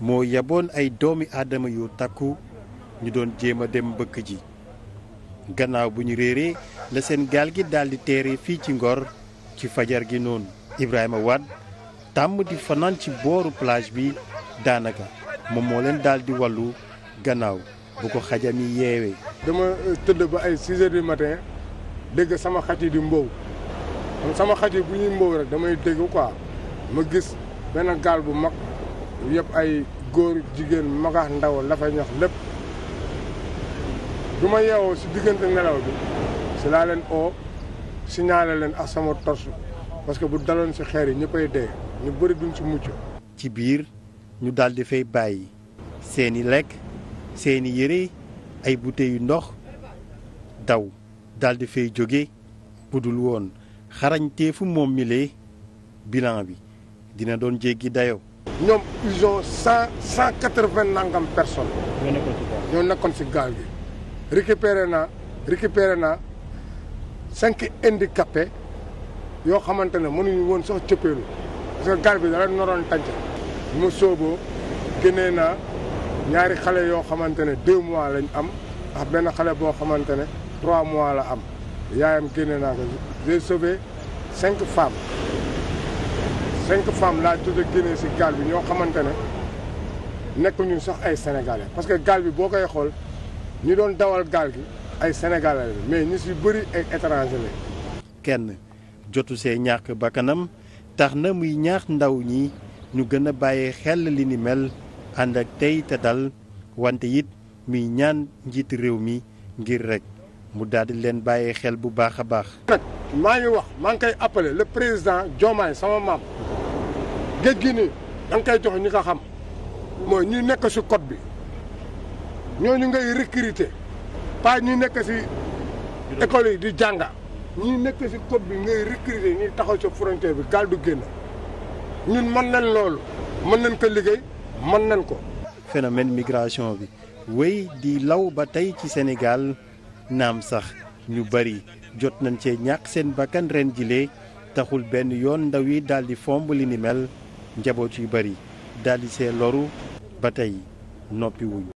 moo yeboon ay doomi aadama yu takku ñu doon jéem a dem mbëkk ji gannaaw bu ñu réeree la seen gaal gi daal di teere fii ci Ngor ci fajar gi noonu Ibrahima Wade tàmm di fanaan ci booru plage bi daanaka moom moo leen daal di wàllu gannaaw bu ko xajam yi yeewee. dama euh, tëdd ba ay 6 heures du matin dégg sama xaj yi di mbow sama xaj yi bu ñuy mbow rek damay dégg quoi ma gis benn gaal bu mag. yëpp ay góor jigéen magax ndaw la fay ñax lépp du ma yeewoo si diggante nelaw bi si laa leen oo signalé leen ak sama torsu parce que bu daloon si xeer yi ñëppay dee ñu bëri duñ si mucc ci biir ñu daldi fay bàyyi seeni i lekk seen yére ay butéyu ndox daw daldi di fay jóge budul woon xarañteefu moom mi lee bilan bi dina doon jéggi dayo ñoom ils ont cent cent quatre vingt nangam personnes. ñoo nekkoon si gaal bi récupéré naa récupéré naa cinq indi handicapés yoo xamante ne mënuñu woon sax cëppeelu parce que gaal bi dara noroon tànc. bu ma sooboo génnee naa ñaari xale yoo xamante ne deux mois lañ am ak benn xale boo xamante ne trois mois la am yaayam génne naa ko j'ai cinq femmes. cinq femmes laa tudd génne si gaal bi ñoo xamante ne nekkuñu sax ay sénégalais parce que gaal bi boo koy xool ñi doon dawal gaal gi ay sénégalais la mais ñu si bëri ay étranger la kenn jotu see ñàkk bakkanam tax na muy ñaax ndaw ñi ñu gën a bàyyi xel li ni mel ànd ak tey te dal wante it muy ñaan njiitu réew mi ngir rek mu daal di leen bàyyee xel bu baax a baax. maa ngi wax maa ngi koy appelé le président Diomaye sama maam. géej gi nii da jox ñi ko xam mooy ñuy nekk si code bi ñoo ñooñu ngay recruter pas ñuy nekk si école yi di jànga ñuy nekk si code bi ngay recruter ñuy taxaw ci frontière bi gaal du génn ñun mën nañ loolu mën nañ ko liggéey mën nañ ko. phénomène migration bi wéy di law ba tey ci Sénégal naam sax ñu bari jot nañ cee ñàkk seen bakkan ren jilee taxul benn yoon ndaw yi daal di fomb li ni mel. njaboot yu bari daal di see loru ba tey noppi